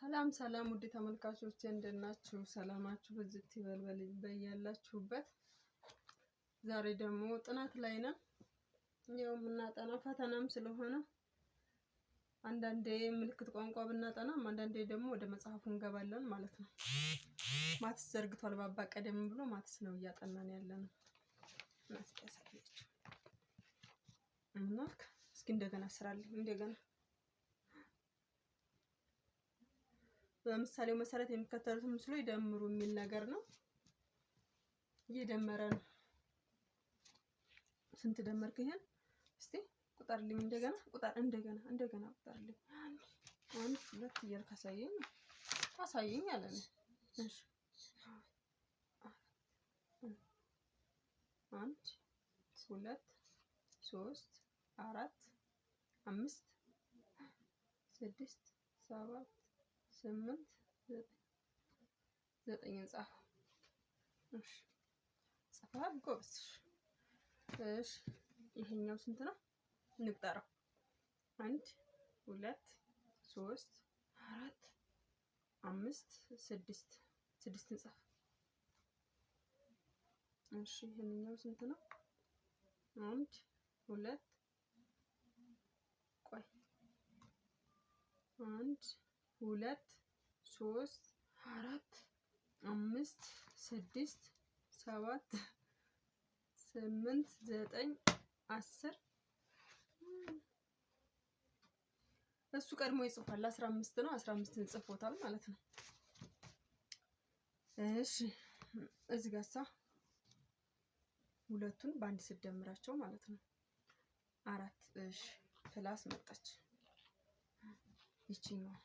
ሰላም ሰላም ውድ ተመልካቾች እንደት ናችሁ? ሰላማችሁ ብዝት ይበልበል በያላችሁበት። ዛሬ ደግሞ ጥናት ላይ ነን። ያው የምናጠናው ፈተናም ስለሆነ አንዳንዴ ምልክት ቋንቋ ብናጠናም አንዳንዴ ደግሞ ወደ መጽሐፉ እንገባለን ማለት ነው። ማትስ ዘርግቷል ባባ ቀደም ብሎ ማትስ ነው እያጠናን ያለ ነው። እና እስኪ እንደገና ስራለሁ እንደገና በምሳሌው መሰረት የሚከተሉትን ምስሉ ይደምሩ የሚል ነገር ነው። እየደመረ ነው። ስንት ደመርክ? ይሄን እስቲ ቁጠርልኝ። እንደገና ቁጠር፣ እንደገና እንደገና ቁጠርልኝ። አንድ ሁለት እያልክ አሳየኝ አሳየኝ አለ ነው። እሺ አንድ ሁለት ሶስት አራት አምስት ስድስት ሰባት ስምንት ዘጠኝ እንጻፍ። እሺ ጽፈሃል፣ ጎበዝ። እሺ ይሄኛው ስንት ነው? እንቁጠረው። አንድ ሁለት ሶስት አራት አምስት ስድስት ስድስት እንጻፍ። እሺ ይሄኛው ስንት ነው? አንድ ሁለት ቆይ አንድ ሁለት ሶስት አራት አምስት ስድስት ሰባት ስምንት ዘጠኝ አስር እሱ ቀድሞ ይጽፋል። አስራ አምስት ነው። አስራ አምስትን ጽፎታል ማለት ነው። እሺ እዚህ ጋሳ ሁለቱን በአንድ ስደምራቸው ማለት ነው አራት። እሺ ፕላስ መጣች ይችኛዋል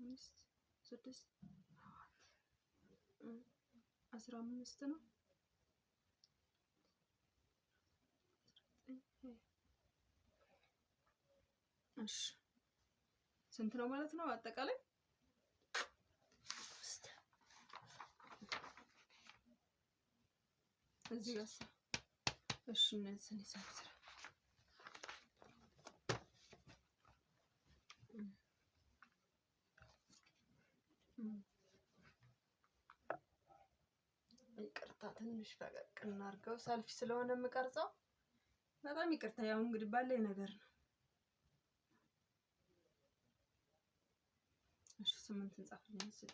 አምስት ስድስት ሰባት አስራ አምስት ነው። እሺ ስንት ነው ማለት ነው አጠቃላይ እዚህ ጋር እሺ እነዚህን ትንሽ ፈቀቅ እናድርገው። ሰልፊ ስለሆነ የምቀርጸው በጣም ይቅርታ። ያው እንግዲህ ባለኝ ነገር ነው። እሺ ስምንት እንጻፍልኝ ስል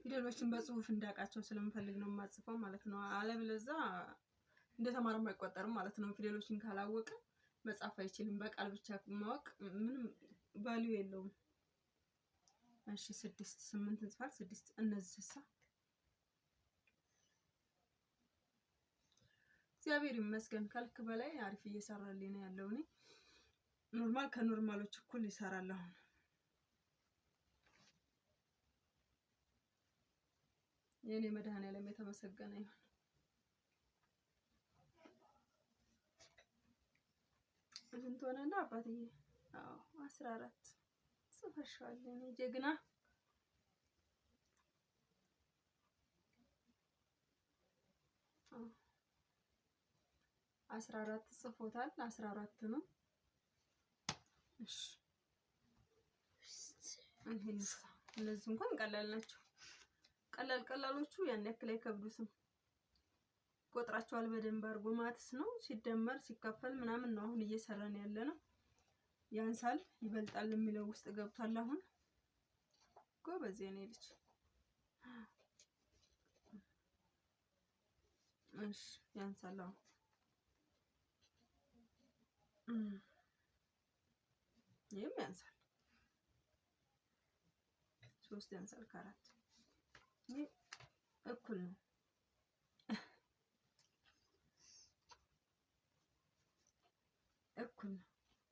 ፊደሎችን በጽሁፍ እንዳውቃቸው ስለምፈልግ ነው የማጽፈው ማለት ነው። እንደ እንደተማረም አይቆጠርም ማለት ነው። ፊደሎችን ካላወቀ መጻፍ አይችልም። በቃል ብቻ ማወቅ ምንም ቫሊዩ የለውም። እሺ ስድስት ስምንት እንጽፋል ስድስት እነዚህ ሳ እግዚአብሔር ይመስገን ከልክ በላይ አሪፍ እየሰራልኝ ነው ያለው። እኔ ኖርማል ከኖርማሎች እኩል ይሰራል አሁን የእኔ መድኃኔዓለም የተመሰገነ ይሁን። ስንት ሆነና አባትዬ? አዎ አስራ አራት ጽፈሻል የኔ ጀግና። አስራ አራት ጽፎታል። አስራ አራት ነው። እሺ እነዚህ እንኳን ቀላል ናቸው። ቀላል ቀላሎቹ ያን ያክል አይከብዱትም። ቆጥራቸዋል በደንብ አድርጎ ማትስ ነው ሲደመር ሲካፈል ምናምን ነው አሁን እየሰራን ያለ ነው። ያንሳል ይበልጣል የሚለው ውስጥ ገብቷል። አሁን ጎበዝ የኔ ልጅ። እሺ ያንሳል አሁን ይህም ያንሳል። ሶስት ያንሳል ከአራት ይህ እኩል ነው። እኩል ነው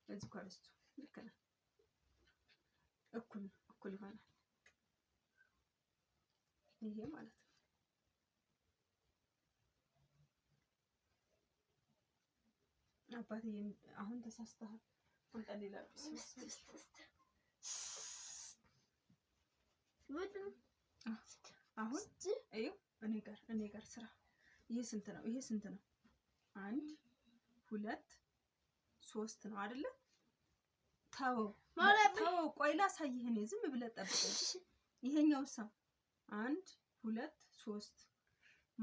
በዚህ ጓርስቱ ልክ ነው። እኩል እኩል ይሆናል ይሄ ማለት ነው። አባትዬ አሁን ተሳስተሃል። አንተ ሌላ አሁን ይኸው እኔ ጋር እኔ ጋር ስራ። ይሄ ስንት ነው? ይሄ ስንት ነው? አንድ ሁለት ሶስት ነው አይደለ? ተወው ተወው፣ ቆይ ላሳይህ። እኔ ዝም ብለህ ጠብቀኝ። ይሄኛው ሰው አንድ ሁለት ሶስት፣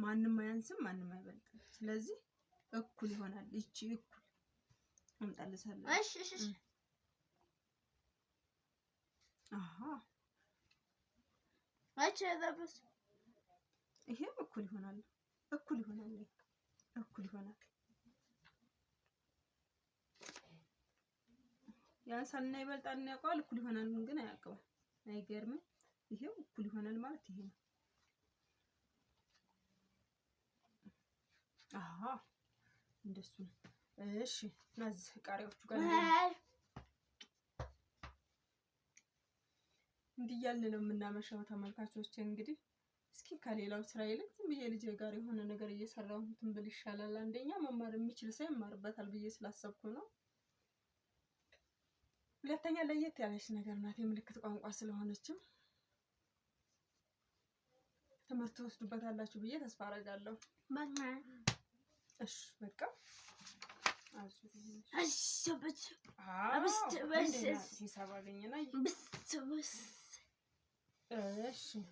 ማንም አያንስም፣ ማንም አይበልጥም። ስለዚህ እኩል ይሆናል። እቺ እኩል አምጣልሳለሁ። እሺ እሺ። አሃ አቺ ይሄም እኩል ይሆናል። እኩል ይሆናል። እኩል ይሆናል። ያንሳልና ይበልጣልና ያውቀዋል። እኩል ይሆናል ግን አያውቀውም። አይገርምም? ይሄው እኩል ይሆናል ማለት ይሄ ነው። አሃ እንደሱ ነው። እሺ እነዚህ ቃሪያዎቹ ጋር እንዲህ እያልን ነው የምናመሻው ተመልካቾች። እንግዲህ እስኪ ከሌላው ስራ ይልቅ ዝም ብዬ ልጄ ጋር የሆነ ነገር እየሰራሁ እንትን ብል ይሻላል። አንደኛ መማር የሚችል ሰው ይማርበታል ብዬ ስላሰብኩ ነው። ሁለተኛ ለየት ያለች ነገር ናት። የምልክት ቋንቋ ስለሆነችም ትምህርት ትወስዱበታላችሁ ብዬ ተስፋ አደርጋለሁ። እሺ በቃ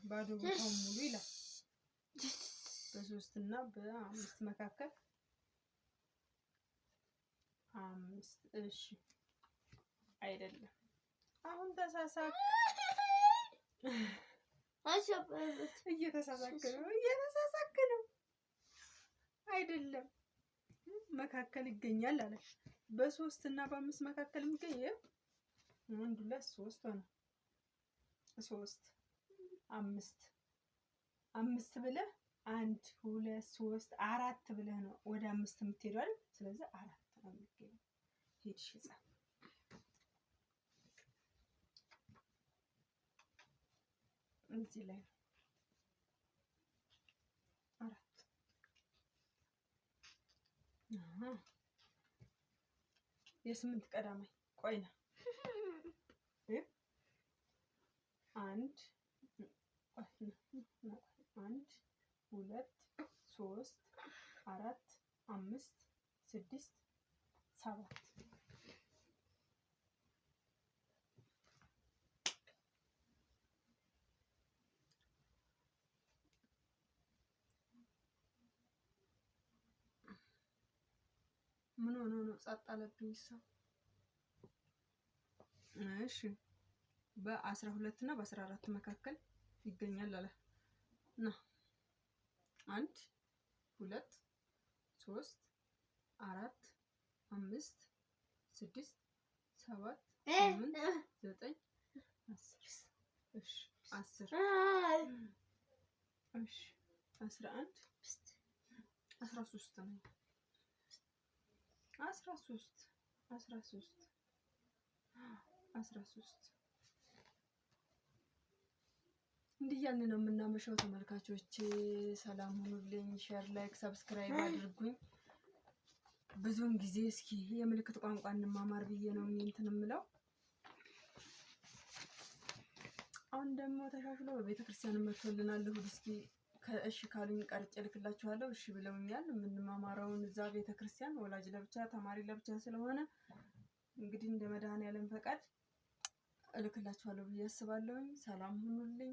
ባዶ ሙሉ ይላል። በሶስት እና በአምስት መካከል አምስት እሺ አይደለም። አሁን ተሳሳቅ እየተሳሳክ ነው እየተሳሳክ ነው አይደለም፣ መካከል ይገኛል አለ። በሶስት እና በአምስት መካከል የሚገኝ አንድ ሁለት ሶስት ሆነ። ሶስት አምስት አምስት ብለህ አንድ ሁለት ሶስት አራት ብለህ ነው ወደ አምስት የምትሄደው አይደል? ስለዚህ አራት ነው የሚገኘው። ሄድሽ ጻፍ እዚህ ላይ አራት የስምንት ቀዳማይ ቆይና አንድ አንድ ሁለት ሶስት አራት አምስት ስድስት ሰባት ምን ሆኖ ነው ጸጥ አለብኝ? ሰው እሺ፣ በአስራ ሁለት እና በአስራ አራት መካከል ይገኛል አለ ና አንድ ሁለት ሶስት አራት አምስት ስድስት ሰባት ስምንት ዘጠኝ አስር አስራ አንድ አስራ ሶስት ነው። አስራ ሶስት አስራ ሶስት አስራ ሶስት እንዲህ ያልን ነው የምናመሻው። ተመልካቾች ሰላም ሁኑልኝ። ሼር፣ ላይክ፣ ሰብስክራይብ አድርጉኝ። ብዙውን ጊዜ እስኪ የምልክት ቋንቋ እንማማር ብዬ ነው እንትን የምለው። አሁን ደግሞ ተሻሽሎ በቤተክርስቲያን መጥቶልናል። እሑድ እስኪ እሺ ካሉኝ ቀርጬ ልክላችኋለሁ። እሺ ብለውኛል። የምንማማረውን እዛ ቤተ ክርስቲያን ወላጅ ለብቻ ተማሪ ለብቻ ስለሆነ እንግዲህ እንደ መድኃኔዓለም ፈቃድ እልክላችኋለሁ ብዬ አስባለሁኝ። ሰላም ሁኑልኝ።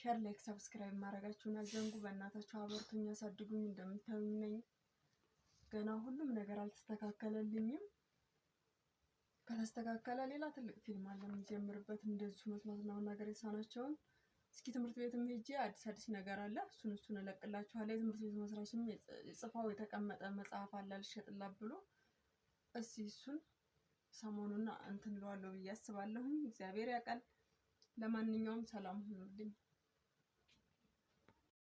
ሸር፣ ላይክ፣ ሰብስክራይብ ማድረጋችሁን አዘንጉ። በእናታችሁ አበርቱኝ፣ ያሳድጉኝ። እንደምታዩኝ ነኝ። ገና ሁሉም ነገር አልተስተካከለልኝም። ከተስተካከለ ሌላ ትልቅ ፊልም አለ የሚጀምርበት። እንደዚሁ መስማትና መናገር የሳናቸውን እስኪ ትምህርት ቤትም ሄጄ አዲስ አዲስ ነገር አለ እሱን እሱን እለቅላችኋለሁ። የትምህርት ቤት መስራችም ጽፋው የተቀመጠ መጽሐፍ አለ ልሸጥላት ብሎ እስኪ እሱን ሰሞኑን እንትን እለዋለሁ ብዬ አስባለሁኝ። እግዚአብሔር ያውቃል። ለማንኛውም ሰላም ሁኑልኝ።